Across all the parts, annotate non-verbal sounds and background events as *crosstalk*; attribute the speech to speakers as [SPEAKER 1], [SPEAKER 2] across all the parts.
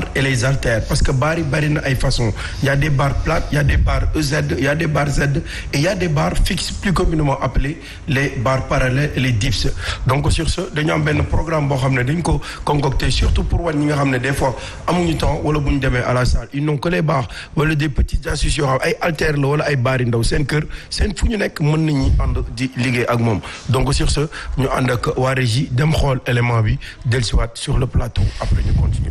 [SPEAKER 1] barres et les haltères parce que barres yi bari na ay façons y a des barres plates y a des barres EZ y a des barres Z et y a des barres fixes plus communément appelées les barres parallèles et les dips donc sur ce dañu am benn programme boo xam ne dañ ko concocté surtout pour wan ñi nga xam ne des fois amuñu temps wala bu ñu demee à la salle ils n'ont que les barres wala des petites astuces yoo xam ay haltères la wala ay bari ndaw seen kër seen fu ñu nekk mën nañu ànd di liggéey ak moom donc sur ce ñu ànd ak waa régie dem xool élément bi dellusiwaat sur le plateau après ñu continuer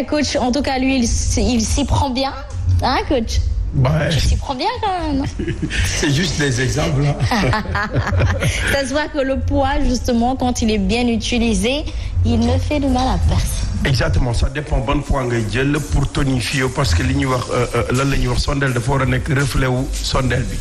[SPEAKER 2] cas, eh, coach, en tout cas, lui, il, il s'y prend bien. Hein, coach
[SPEAKER 1] Ouais. Je t'y
[SPEAKER 2] prends bien quand même. *laughs*
[SPEAKER 1] C'est juste des exemples.
[SPEAKER 2] *laughs* Ça se voit que le poids, justement, quand il est bien utilisé, il ne fait de mal à personne.
[SPEAKER 1] exactement ça dépend ban poids ngay jël pour tonifier parce que li ñuy wax euh, euh, lan la ñuy wax sondeel dafa war a nekk reflet wu sondeel bi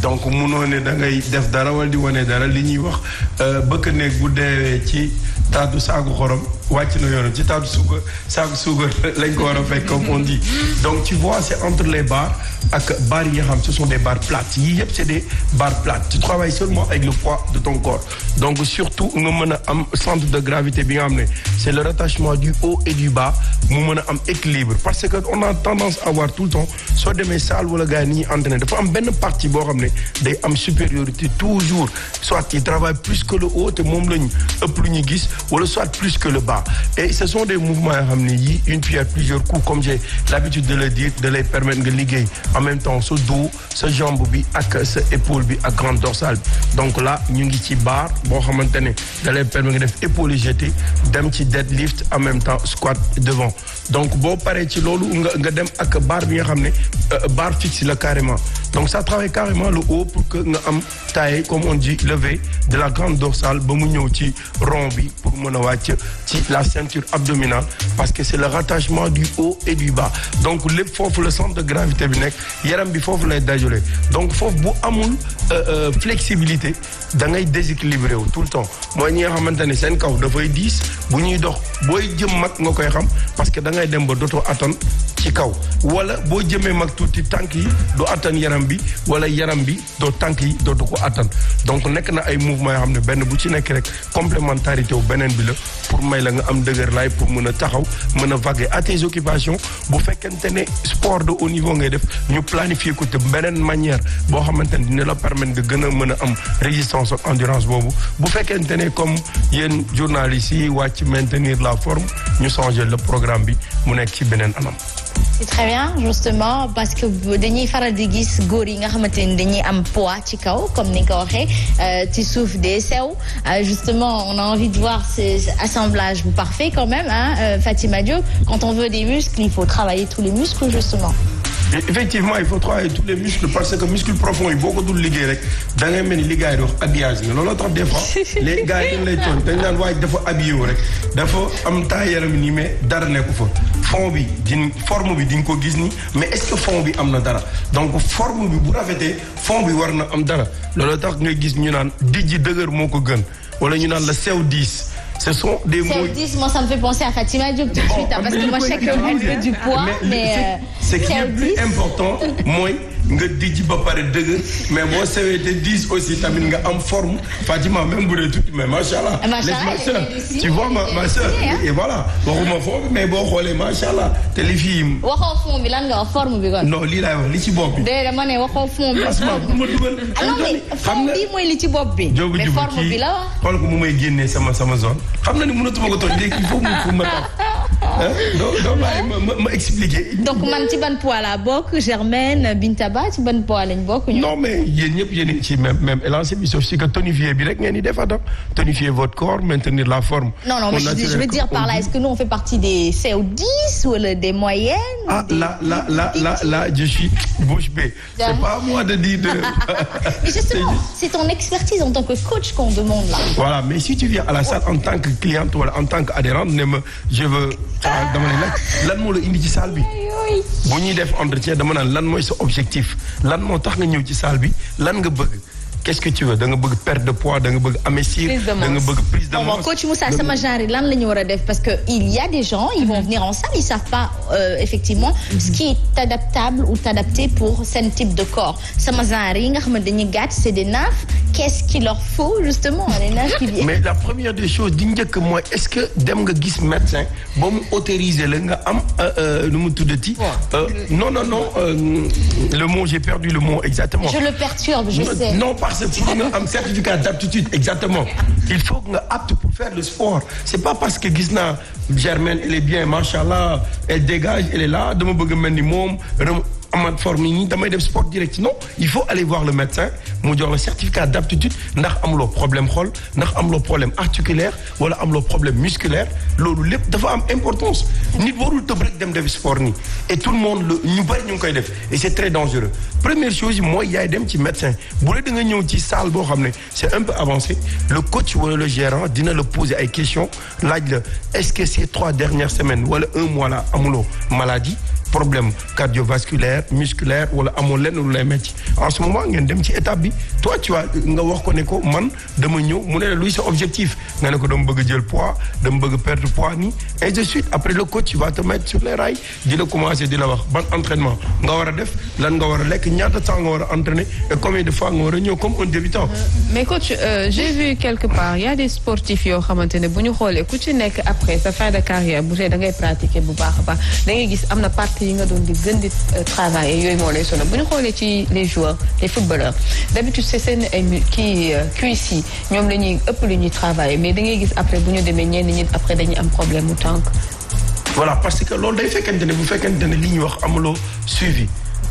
[SPEAKER 1] donc munoo ne da def dara wala di wane dara li ñuy wax euh, bëkk néeg bu deewee ci taatu saagu xorom. wàcc na yoonam ci taatu suukar saaku suukar *laughs* lañ ko war a fekk comme on dit donc tu vois c'est entre les bars ak bars yi xam ce sont des bars plates yii yëpp c'est des bars plates tu travailles seulement avec le poids de ton corps donc surtout nga mën a am centre de gravité bi nga xam ne c'est le rattachement du haut et du bas mu mën a am équilibre parce que on a tendance à avoir tout le temps soo demee salle wala gars yi ni ñuy entraîner am benn partie boo xam ne day am supériorité toujours soit il travaille plus que le haut te moom lañ ëpp lu ñu gis wala soit plus que le mouvements et ce sont des mouvements yoo xam ne yii une pierre plusieurs coups comme j'ai l'habitude de le dire de lay permettre nga liggéey en même temps sa dos sa jambe bi ak sa épaule bi ak grande dorsale bi donc là ñu ngi ci barre boo xamante ne da lay permettre nga def épaule jeté dem ci deadlift en même temps squat devant donc boo paree ci loolu nga nga dem ak barre bi nga xam ne euh, euh, barre fixe la carrément donc ça travaille carrément le haut pour que nga am taille comme on dit levé de la ba mu ñëw ci rond a la ceinture abdominale parce que c'est le rattachement du haut et du bas donc lépp foofu la centre de gravité bi nekk yaram bi foofu lay dajale donc foofu bu amul euh, euh, flexibilité da ngay déséquilibré wu tout le temps mooy ñi nga xamante ne seen kaw dafay diis bu ñuy dox booy jëm mag nga koy xam parce que da ngay dem ba dootoo attan ci kaw wala boo jëmee mag tuuti tànk yi du attan yaram bi wala yaram bi doo tànk yi dootu ko attan donc nekk na ay mouvement yoo xam ne benn bu ci nekk rek complémentarité wu beneen bi la pour may la nga am dëgër laay pour mën a taxaw mën a vaguer à tes bu fekkente ne sport du haut niveau ngay def ñu planifier ko te beneen manière boo xamante ne dina la permettre nga gën a mën a am résistance ak endurance boobu bu fekkente ne comme yéen journalistes yi wàcc maintenir la forme ñu changer le programme bi mu nekk ci beneen anam
[SPEAKER 2] c'est très bien justement parce que dañuy faral di gis góor yi nga xamante ni dañuy am poids ci kaw comme ni nga ko waxee euh, ci suuf des sew euh, justement on a envie de voir ces assemblage bu parfait quand même hein euh, Fatima Diop quand on veut des muscles il faut travailler tous les muscles justement
[SPEAKER 1] effectivement il faut travailler tous les muscles parce que muscles profonds yi boo ko dul liggéey rek da ngay mel ni li gars yi di wax habillage nga looloo tax des fois *laughs* les gars yi dafa habillé wu rek dafa am temps yaram nii mais dara nekku fa fond bi din forme bi di nga ko gis ni mais est-ce que fond bi am na dara donc forme bi bu rafetee fond bi war na am dara looloo tax nga gis ñu naan dijji dëgër moo ko gën wala ñu naan la sew diis Ce sont des mots.
[SPEAKER 2] Celtis, moi, ça me fait penser à Fatima Diop tout de oh, suite, parce que moi, je sais qu'elle fait du poids, mais.
[SPEAKER 1] Ce qui est plus important, moi. nga dijj ba pare dëgër mais boo sewee te diis aussi tamit nga am forme Fatima même bu dee tuuti mais macha allah. macha allah tu vois ma ma soeur et voilà waxuma boo xoolee macha allah te li fii. bi
[SPEAKER 2] wax forme bi kon. non
[SPEAKER 1] lii laay wax li ci bopp bi.
[SPEAKER 2] déedéet ma ne waxoo fond bi. asma bu ma
[SPEAKER 1] dugal. xam nga
[SPEAKER 2] fond bi mooy li ci bopp bi. mais forme bi la wax.
[SPEAKER 1] xool ko mu may génnee sama sama zone xam na ni mënatuma ko toj léegi il faut mu ma tax. *laughs* non non ma ma expliquer.
[SPEAKER 2] donc man ci ban poids laa bokk Germaine Bintaba ci ban poids lañ bokk. non mais
[SPEAKER 1] yéen ñëpp yéen a ngi ci même même élancé bi sauf si que tonifier bi rek ngeen di def adam tonifier votre corps maintenir la forme. non non mais je veux dire
[SPEAKER 2] par là est-ce que nous on fait partie des CO10 wala des moyennes.
[SPEAKER 1] ah là là là là là je suis bouche bée. c'est pas à moi de dire de.
[SPEAKER 2] *laughs* mais justement c'est ton expertise en tant que coach qu'on demande là.
[SPEAKER 1] voilà mais si tu viens à la salle en tant que cliente wala en tant qu'adhérente ne me je veux. xaaral dama ne lan moo la indi ci saal bi bu ñuy def entretien dama naan lan mooy sa objectif lan moo tax nga ñëw ci salle bi lan nga bëgg qu'est-ce que tu veux da nga bëgg perte de poids da nga bëgg amincir. da nga bëgg prise de masse coach Moussa sama
[SPEAKER 2] genre lan la ñu war a def parce que il y a des gens ils vont venir en salle ils savent pas euh, effectivement ce qui est adaptable ou adapté pour seen type de corps sama genre yi nga xam ne dañuy gàtt c'est des naafs qu'est-ce qu'il leur faut justement les naafs qui viennent mais
[SPEAKER 1] la première des choses di njëkk mooy est-ce que dem nga gis médecin ba mu autoriser la nga am lu euh, euh, mu tuddati. Euh, non non non euh, le mot j'ai perdu le mot exactement. je le
[SPEAKER 2] perturbe je sais. non pas parce que
[SPEAKER 1] pour nga i certificat d'aptitude exactement il nga apte pour faire le sport c'est pas parce que gis naa Germaine elle est bien machallah elle dégage elle est là dama bëgg mel ni moom amaat forme yi damay def sport direct non il faut aller voir le médecin mu jox la certificat d'aptitude ndax amuloo problème xol ndax amuloo problème articulaire wala amuloo problème musculaire loolu lépp dafa am importance ni warul tëb rek dem def sport nii et tout le monde le ñu bari ñu ngi koy def et c'est très dangereux première chose mooy yaay dem ci médecin bu dee da nga ñëw ci salle boo xam ne c'est un peu avancé le coach wala le gérant dina la poser ay questions laaj la est-ce que ces trois dernières wala un mois là amuloo maladie problème cardiovasculaire musculaire wala amoo lenn lu lay metti en ce ngeen dem ci étape bi toi tu nga wax ko ne ko man dama ñëw mu ne luy sa objectif nga ne ko dama bëgg jël poids dama bëgg perdre poids nii et de suite après di la commencer di la wax ban entraînement nga war a def lan nga war a lekk ñaata temps nga war a entraîner et combien de fois nga war a ñëw comme un débutant. Euh,
[SPEAKER 2] mais coach euh, vu quelque part y a des sportifs yoo xamante ne bu ku ci activités yi nga doon di gën di euh, travailler yooyu moo lay sonal bu ñu xoolee ci les joueurs les footballeurs d'habitude c'est seen kii euh, cuisse yi ñoom la ñuy ëpp lu ñuy travailler mais da ngay gis après bu ñu demee ñenn ñi après dañuy am problème mu tànk.
[SPEAKER 1] voilà parce que loolu day fekkente ne bu fekkente ne li ñuy wax amuloo suivi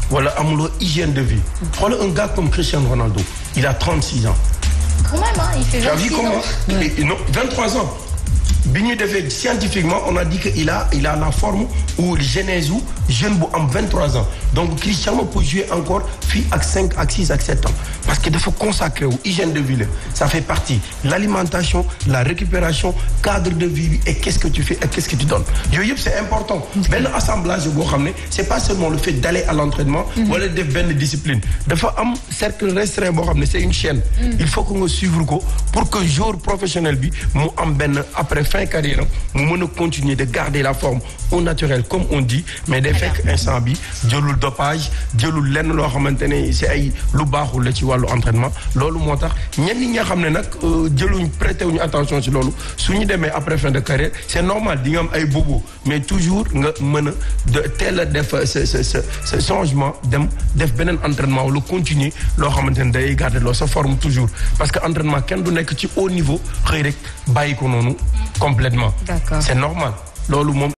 [SPEAKER 1] wala amuloo hygiène de vie. Mm-hmm. xoolal un gars comme Cristiano Ronaldo il a 36 ans.
[SPEAKER 2] quand même il fait 26 ans.
[SPEAKER 1] non 23 ans. bi ñu defee scientifiquement on a dit que a la forme ou genèse ou jeune bu am 23 ans donc Cristiano peut jouer encore fii ak 5 ak 6 ak 7 ans parce que dafa consacré wu hygiène de vie la ça fait partie l'alimentation la récupération cadre de vie bi et qu'est-ce que tu fais et qu'est-ce que tu donnes yooyu yëpp c'est important benn assemblage boo xam ne c'est pas seulement le fait d'aller à l'entraînement mhm. wala def benn discipline dafa am cercle restreint boo xam ne c'est une chaîne mhm. il faut que nga suivre ko pour que bi mu am benn après fin carrière mu mën a continuer de garder la forme au naturel comme on dit mais day fekk instant bi jëlul dopage jëlul lenn loo xamante ne si ay lu baaxul la ci wàllu entraînement loolu moo tax ñenn ñi nga xam ne nag euh, jëluñ prêté wuñu attention si loolu su ñu demee après fin de carrière c'est normal di nga am ay bobo mais toujours nga mën a teel a def euh, sa sa sa changement dem def beneen entraînement lu continuer loo xamante ne day garder loo sa forme toujours parce que entraînement kenn du nekk
[SPEAKER 2] ci haut niveau xëy rek bàyyi noonu complètement c'est normal loolu moom